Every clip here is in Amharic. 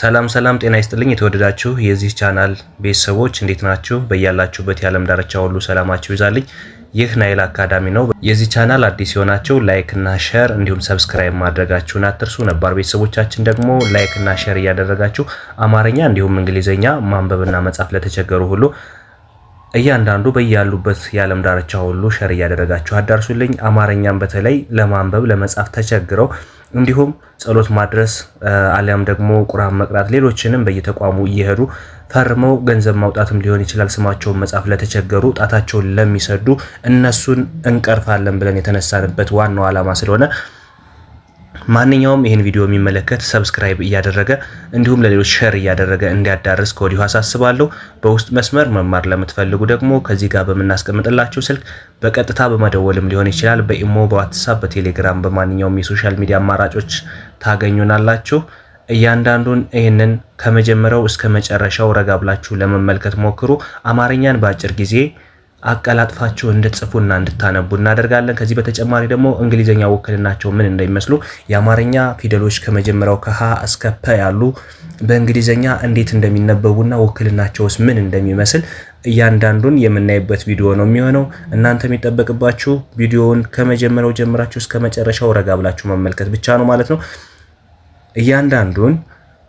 ሰላም ሰላም፣ ጤና ይስጥልኝ የተወደዳችሁ የዚህ ቻናል ቤተሰቦች እንዴት ናችሁ? በያላችሁበት የዓለም ዳርቻ ሁሉ ሰላማችሁ ይዛልኝ። ይህ ናይል አካዳሚ ነው። የዚህ ቻናል አዲስ የሆናችሁ ላይክ እና ሼር እንዲሁም ሰብስክራይብ ማድረጋችሁን አትርሱ። ነባር ቤተሰቦቻችን ደግሞ ላይክ እና ሼር እያደረጋችሁ አማርኛ እንዲሁም እንግሊዝኛ ማንበብና መጻፍ ለተቸገሩ ሁሉ እያንዳንዱ በያሉበት የዓለም ዳርቻ ሁሉ ሸር እያደረጋችሁ አዳርሱልኝ። አማርኛም በተለይ ለማንበብ ለመጻፍ ተቸግረው እንዲሁም ጸሎት ማድረስ አሊያም ደግሞ ቁርአን መቅራት፣ ሌሎችንም በየተቋሙ እየሄዱ ፈርመው ገንዘብ ማውጣትም ሊሆን ይችላል። ስማቸውን መጻፍ ለተቸገሩ ጣታቸውን ለሚሰዱ እነሱን እንቀርፋለን ብለን የተነሳንበት ዋናው ዓላማ ስለሆነ ማንኛውም ይህን ቪዲዮ የሚመለከት ሰብስክራይብ እያደረገ እንዲሁም ለሌሎች ሸር እያደረገ እንዲያዳርስ ከወዲሁ አሳስባለሁ። በውስጥ መስመር መማር ለምትፈልጉ ደግሞ ከዚህ ጋር በምናስቀምጥላችሁ ስልክ በቀጥታ በመደወልም ሊሆን ይችላል። በኢሞ፣ በዋትሳፕ፣ በቴሌግራም በማንኛውም የሶሻል ሚዲያ አማራጮች ታገኙናላችሁ። እያንዳንዱን ይህንን ከመጀመሪያው እስከ መጨረሻው ረጋ ብላችሁ ለመመልከት ሞክሩ። አማርኛን በአጭር ጊዜ አቀላጥፋችሁ እንድትጽፉና እንድታነቡ እናደርጋለን። ከዚህ በተጨማሪ ደግሞ እንግሊዝኛ ውክልናቸው ምን እንደሚመስሉ የአማርኛ ፊደሎች ከመጀመሪያው ከሀ እስከ ፐ ያሉ በእንግሊዝኛ እንዴት እንደሚነበቡና ውክልናቸውስ ምን እንደሚመስል እያንዳንዱን የምናይበት ቪዲዮ ነው የሚሆነው። እናንተ የሚጠበቅባችሁ ቪዲዮውን ከመጀመሪያው ጀምራችሁ እስከ መጨረሻው ረጋ ብላችሁ መመልከት ብቻ ነው ማለት ነው እያንዳንዱን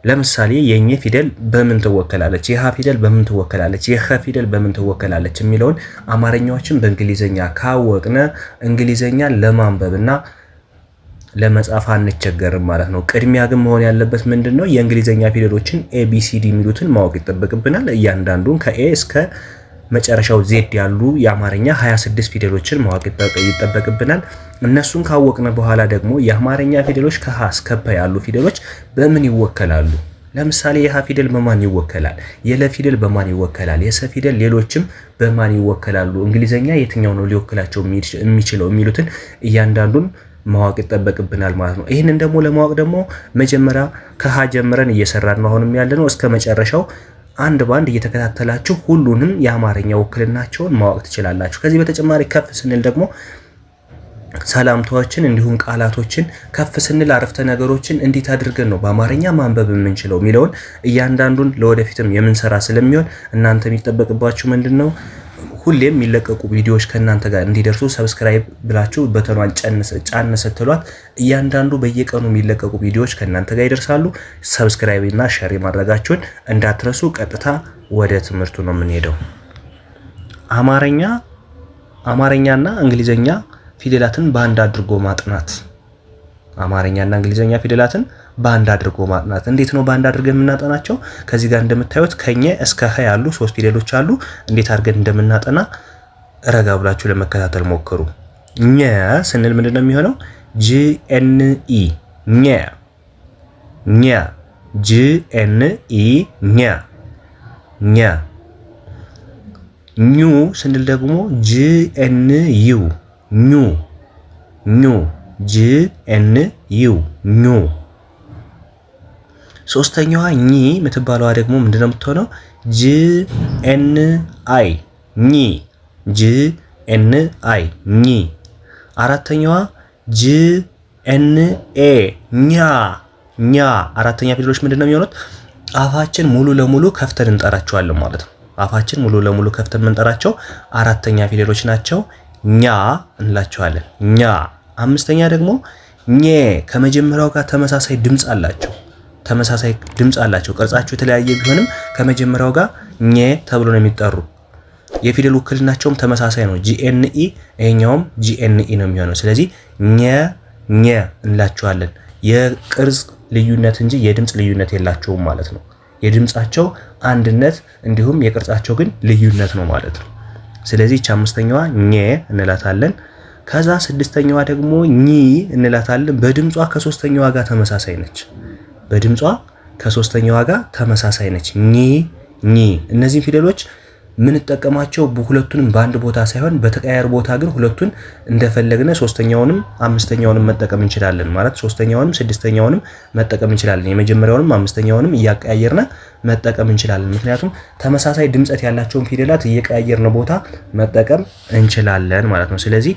ለምሳሌ የኘ ፊደል በምን ትወከላለች፣ የሀ ፊደል በምን ትወከላለች፣ የኸ ፊደል በምን ትወከላለች የሚለውን አማርኛዎችን በእንግሊዝኛ ካወቅነ ለማንበብ ለማንበብና ለመጻፍ አንቸገርም ማለት ነው። ቅድሚያ ግን መሆን ያለበት ምንድን ነው? የእንግሊዝኛ ፊደሎችን ኤቢሲዲ የሚሉትን ማወቅ ይጠበቅብናል። እያንዳንዱን ከኤ እስከ መጨረሻው ዜድ ያሉ የአማርኛ 26 ፊደሎችን ማወቅ ይጠበቅብናል። እነሱን ካወቅነ በኋላ ደግሞ የአማርኛ ፊደሎች ከሀ እስከ ፐ ያሉ ፊደሎች በምን ይወከላሉ? ለምሳሌ የሀ ፊደል በማን ይወከላል? የለ ፊደል በማን ይወከላል? የሰ ፊደል ሌሎችም በማን ይወከላሉ? እንግሊዘኛ የትኛው ነው ሊወክላቸው የሚችለው የሚሉትን እያንዳንዱን ማወቅ ይጠበቅብናል ማለት ነው። ይህንን ደግሞ ለማወቅ ደግሞ መጀመሪያ ከሀ ጀምረን እየሰራን ነው አሁንም ያለ ነው እስከ መጨረሻው አንድ ባንድ እየተከታተላችሁ ሁሉንም የአማርኛ ውክልናቸውን ማወቅ ትችላላችሁ። ከዚህ በተጨማሪ ከፍ ስንል ደግሞ ሰላምታዎችን እንዲሁም ቃላቶችን ከፍ ስንል አረፍተ ነገሮችን እንዴት አድርገን ነው በአማርኛ ማንበብ የምንችለው የሚለውን እያንዳንዱን ለወደፊትም የምንሰራ ስለሚሆን እናንተ የሚጠበቅባችሁ ምንድን ነው ሁሌም የሚለቀቁ ቪዲዮዎች ከእናንተ ጋር እንዲደርሱ ሰብስክራይብ ብላችሁ በተኗን ጫን ስትሏት እያንዳንዱ በየቀኑ የሚለቀቁ ቪዲዮዎች ከእናንተ ጋር ይደርሳሉ። ሰብስክራይብ እና ሸር ማድረጋችሁን እንዳትረሱ። ቀጥታ ወደ ትምህርቱ ነው የምንሄደው። አማርኛ አማርኛና እንግሊዘኛ ፊደላትን በአንድ አድርጎ ማጥናት አማርኛና እንግሊዘኛ ፊደላትን በአንድ አድርጎ ማጥናት። እንዴት ነው በአንድ አድርገን የምናጠናቸው? ከዚህ ጋር እንደምታዩት ከኘ እስከ ሀ ያሉ ሶስት ፊደሎች አሉ። እንዴት አድርገን እንደምናጠና ረጋ ብላችሁ ለመከታተል ሞክሩ። ኘ ስንል ምንድን ነው የሚሆነው? ጂኤንኢ ኘ ኘ ጂኤንኢ ኘ ኘ ኙ ስንል ደግሞ ጂኤንዩ ኙ ኙ ጂኤንዩ ኙ ሶስተኛዋ ኝ የምትባለዋ ደግሞ ምንድነው የምትሆነው? ጂ ኤን አይ ኝ ጂ ኤን አይ ኝ። አራተኛዋ ጂ ኤን ኤ ኛ ኛ። አራተኛ ፊደሎች ምንድነው የሚሆኑት? አፋችን ሙሉ ለሙሉ ከፍተን እንጠራቸዋለን ማለት ነው። አፋችን ሙሉ ለሙሉ ከፍተን የምንጠራቸው አራተኛ ፊደሎች ናቸው። ኛ እንላቸዋለን። ኛ። አምስተኛ ደግሞ ኘ ከመጀመሪያው ጋር ተመሳሳይ ድምፅ አላቸው። ተመሳሳይ ድምፅ አላቸው። ቅርጻቸው የተለያየ ቢሆንም ከመጀመሪያው ጋር ኘ ተብሎ ነው የሚጠሩ። የፊደል ውክልናቸውም ተመሳሳይ ነው። ጂኤንኢ ይሄኛውም ጂኤንኢ ነው የሚሆነው። ስለዚህ ኘ ኘ እንላቸዋለን። የቅርጽ ልዩነት እንጂ የድምፅ ልዩነት የላቸውም ማለት ነው። የድምፃቸው አንድነት እንዲሁም የቅርጻቸው ግን ልዩነት ነው ማለት ነው። ስለዚህ ቻ አምስተኛዋ ኘ እንላታለን። ከዛ ስድስተኛዋ ደግሞ ኚ እንላታለን። በድምጿ ከሶስተኛዋ ጋር ተመሳሳይ ነች። በድምጿ ከሶስተኛዋ ጋር ተመሳሳይ ነች። ኒ ኒ። እነዚህ ፊደሎች የምንጠቀማቸው ሁለቱንም በአንድ ቦታ ሳይሆን በተቀያየር ቦታ ግን ሁለቱን እንደፈለግነ ሶስተኛውንም አምስተኛውንም መጠቀም እንችላለን። ማለት ሶስተኛውንም ስድስተኛውንም መጠቀም እንችላለን። የመጀመሪያውንም አምስተኛውንም እያቀያየርነ መጠቀም እንችላለን። ምክንያቱም ተመሳሳይ ድምፀት ያላቸውን ፊደላት እየቀያየርነ ቦታ መጠቀም እንችላለን ማለት ነው። ስለዚህ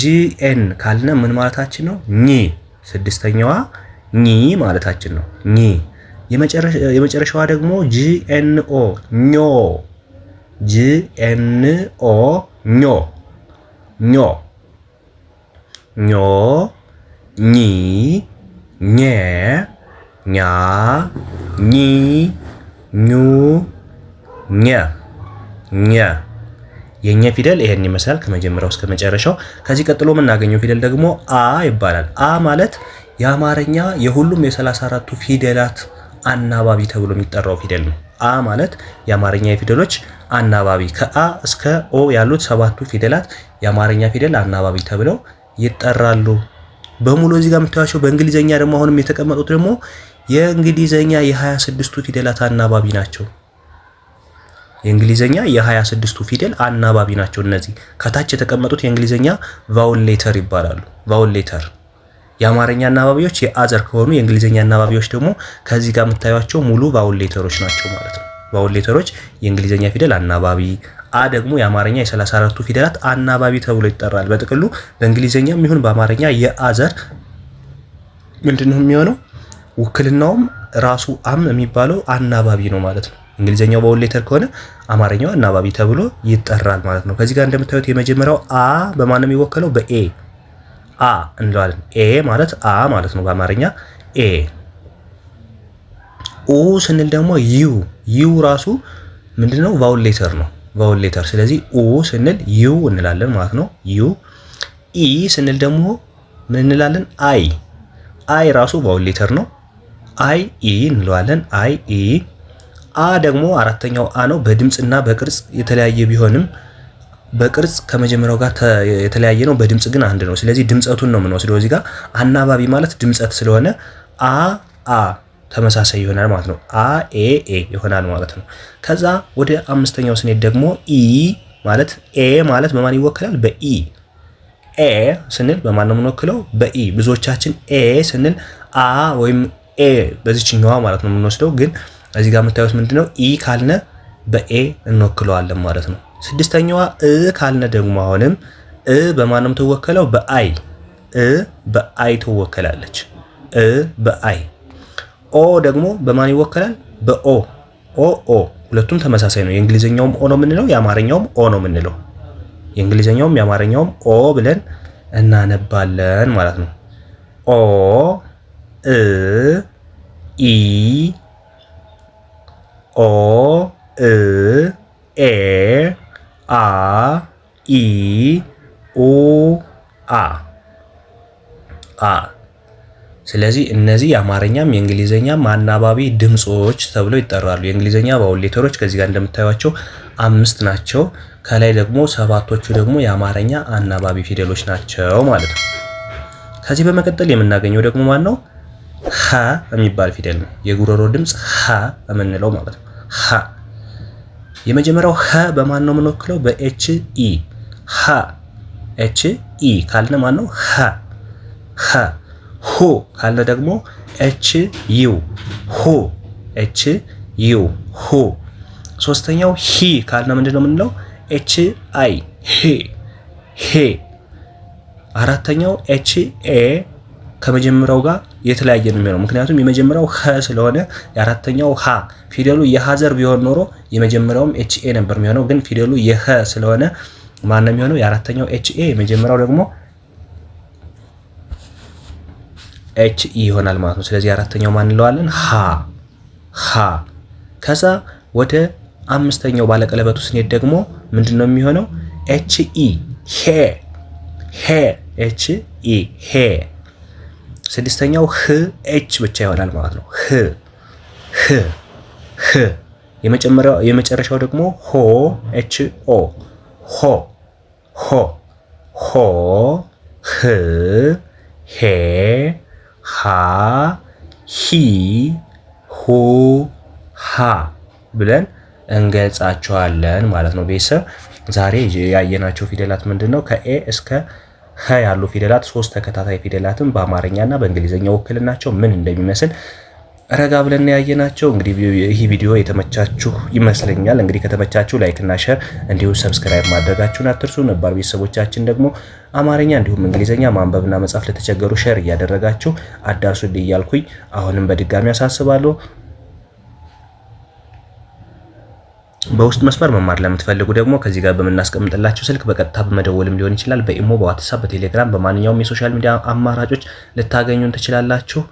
ጂኤን ካልነ ምን ማለታችን ነው? ኒ ስድስተኛዋ ኒ ማለታችን ነው። ኒ የመጨረሻዋ ደግሞ ጂኤንኦ ኞ ጂኤንኦ ኞ ኞ ኞ ኒ ኘ ኛ ኒ ኙ ኘ ኘ የኘ ፊደል ይሄን ይመስላል ከመጀመሪያው እስከ መጨረሻው። ከዚህ ቀጥሎ የምናገኘው ፊደል ደግሞ አ ይባላል። አ ማለት የአማርኛ የሁሉም የ 34 ፊደላት አናባቢ ተብሎ የሚጠራው ፊደል ነው። አ ማለት የአማርኛ ፊደሎች አናባቢ፣ ከአ እስከ ኦ ያሉት ሰባቱ ፊደላት የአማርኛ ፊደል አናባቢ ተብለው ይጠራሉ በሙሉ። እዚህ ጋር የምታዩቸው በእንግሊዘኛ ደግሞ አሁንም የተቀመጡት ደግሞ የእንግሊዘኛ የ 26 ፊደላት አናባቢ ናቸው። የእንግሊዝኛ የ 26 ፊደል አናባቢ ናቸው። እነዚህ ከታች የተቀመጡት የእንግሊዝኛ ቫውል ሌተር ይባላሉ። ቫውል ሌተር የአማርኛ አናባቢዎች የአዘር ከሆኑ የእንግሊዝኛ አናባቢዎች ደግሞ ከዚህ ጋር የምታዩቸው ሙሉ ቫውል ሌተሮች ናቸው ማለት ነው። ቫውል ሌተሮች የእንግሊዝኛ ፊደል አናባቢ፣ አ ደግሞ የአማርኛ የ34ቱ ፊደላት አናባቢ ተብሎ ይጠራል። በጥቅሉ በእንግሊዝኛም ይሁን በአማርኛ የአዘር ምንድነው የሚሆነው? ውክልናውም ራሱ አም የሚባለው አናባቢ ነው ማለት ነው። እንግሊዝኛው ቫውል ሌተር ከሆነ አማርኛው አናባቢ ተብሎ ይጠራል ማለት ነው። ከዚህ ጋር እንደምታዩት የመጀመሪያው አ በማን ነው የሚወከለው? በኤ አ እንለዋለን። ኤ ማለት አ ማለት ነው በአማርኛ ኤ። ኡ ስንል ደግሞ ዩ ዩ ራሱ ምንድነው? ቫውል ሌተር ነው ቫውል ሌተር። ስለዚህ ኡ ስንል ዩ እንላለን ማለት ነው ዩ። ኢ ስንል ደግሞ ምን እንላለን? አይ አይ ራሱ ቫውል ሌተር ነው አይ ኢ እንለዋለን አይ ኢ። አ ደግሞ አራተኛው አ ነው። በድምፅና በቅርጽ የተለያየ ቢሆንም በቅርጽ ከመጀመሪያው ጋር የተለያየ ነው፣ በድምፅ ግን አንድ ነው። ስለዚህ ድምፀቱን ነው የምንወስደው። እዚህ ጋር አናባቢ ማለት ድምፀት ስለሆነ አ አ ተመሳሳይ ይሆናል ማለት ነው። አ ኤ ኤ ይሆናል ማለት ነው። ከዛ ወደ አምስተኛው ስንሄድ ደግሞ ኢ ማለት ኤ ማለት በማን ይወክላል? በኢ ኤ ስንል በማን ነው የምንወክለው? በኢ ብዙዎቻችን ኤ ስንል አ ወይም ኤ በዚችኛዋ ማለት ነው የምንወስደው። ግን እዚህ ጋር የምታዩት ምንድነው? ኢ ካልነ በኤ እንወክለዋለን ማለት ነው። ስድስተኛዋ እ ካልነ ደግሞ አሁንም እ በማን ነው በአይ እ በአይ ትወከላለች። እ በአይ ኦ ደግሞ በማን ይወከላል? በኦ ኦ ኦ ሁለቱም ተመሳሳይ ነው። የእንግሊዝኛውም ኦ ነው የምንለው፣ የአማርኛውም ኦ ነው የምንለው። የእንግሊዝኛውም የአማርኛውም ኦ ብለን እናነባለን ማለት ነው። ኦ እ ኢ ኦ እ ኤ አ ኢ ኡ አ አ ስለዚህ እነዚህ የአማርኛም የእንግሊዝኛም አናባቢ ድምፆች ተብለው ይጠራሉ። የእንግሊዝኛ ባውል ሌተሮች ከዚህ ጋር እንደምታዩቸው አምስት ናቸው። ከላይ ደግሞ ሰባቶቹ ደግሞ የአማርኛ አናባቢ ፊደሎች ናቸው ማለት ነው። ከዚህ በመቀጠል የምናገኘው ደግሞ ማን ነው? ሀ የሚባል ፊደል ነው። የጉሮሮ ድምፅ ሀ የምንለው ማለት ነው። ሀ የመጀመሪያው ሀ በማን ነው የምንወክለው? በኤች ኢ ሀ ኤች ኢ ካልነ ማን ነው? ሀ ሀ ሁ ካልነ ደግሞ ኤች ዩ ሁ ኤች ዩ ሁ ሶስተኛው ሂ ካልነ ምንድን ነው የምንለው? ኤች አይ ሄ ሄ። አራተኛው ኤች ኤ ከመጀመሪያው ጋር የተለያየ ነው የሚለው። ምክንያቱም የመጀመሪያው ኸ ስለሆነ የአራተኛው ሀ ፊደሉ የሀዘር ቢሆን ኖሮ የመጀመሪያውም ኤችኤ ነበር የሚሆነው። ግን ፊደሉ የኸ ስለሆነ ማን ነው የሚሆነው? የአራተኛው ኤችኤ የመጀመሪያው ደግሞ ኤች ኢ ይሆናል ማለት ነው። ስለዚህ አራተኛው ማን እንለዋለን? ሀ ሀ። ከዛ ወደ አምስተኛው ባለቀለበቱ ስንሄድ ደግሞ ምንድን ነው የሚሆነው? ኤች ኢ ሄ ሄ ኤች ኢ ሄ ስድስተኛው ህ ኤች ብቻ ይሆናል ማለት ነው። ህ ህ ህ የመጨረሻው ደግሞ ሆ ኤች ኦ ሆ ሆ ሆ ህ ሄ ሀ ሂ ሁ ሀ ብለን እንገልጻቸዋለን ማለት ነው። ቤተሰብ ዛሬ ያየናቸው ፊደላት ምንድን ነው? ከኤ እስከ ሀ ያሉ ፊደላት ሶስት ተከታታይ ፊደላትን በአማርኛና በእንግሊዝኛ ውክልናቸው ምን እንደሚመስል ረጋ ብለን ያየናቸው። እንግዲህ ይህ ቪዲዮ የተመቻችሁ ይመስለኛል። እንግዲህ ከተመቻችሁ ላይክ እና ሸር እንዲሁም ሰብስክራይብ ማድረጋችሁን አትርሱ። ነባር ቤተሰቦቻችን ደግሞ አማርኛ እንዲሁም እንግሊዝኛ ማንበብና መጻፍ ለተቸገሩ ሼር እያደረጋችሁ አዳርሱ እያልኩኝ አሁንም በድጋሚ አሳስባለሁ። በውስጥ መስመር መማር ለምትፈልጉ ደግሞ ከዚህ ጋር በምናስቀምጥላችሁ ስልክ በቀጥታ በመደወልም ሊሆን ይችላል። በኢሞ፣ በዋትሳፕ፣ በቴሌግራም በማንኛውም የሶሻል ሚዲያ አማራጮች ልታገኙን ትችላላችሁ።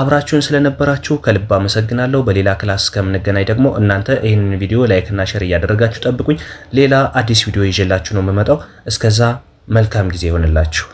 አብራችሁን ስለነበራችሁ ከልብ አመሰግናለሁ። በሌላ ክላስ እስከምንገናኝ ደግሞ እናንተ ይህንን ቪዲዮ ላይክና ሸር እያደረጋችሁ ጠብቁኝ። ሌላ አዲስ ቪዲዮ ይዤላችሁ ነው የምመጣው። እስከዛ መልካም ጊዜ ይሆንላችሁ።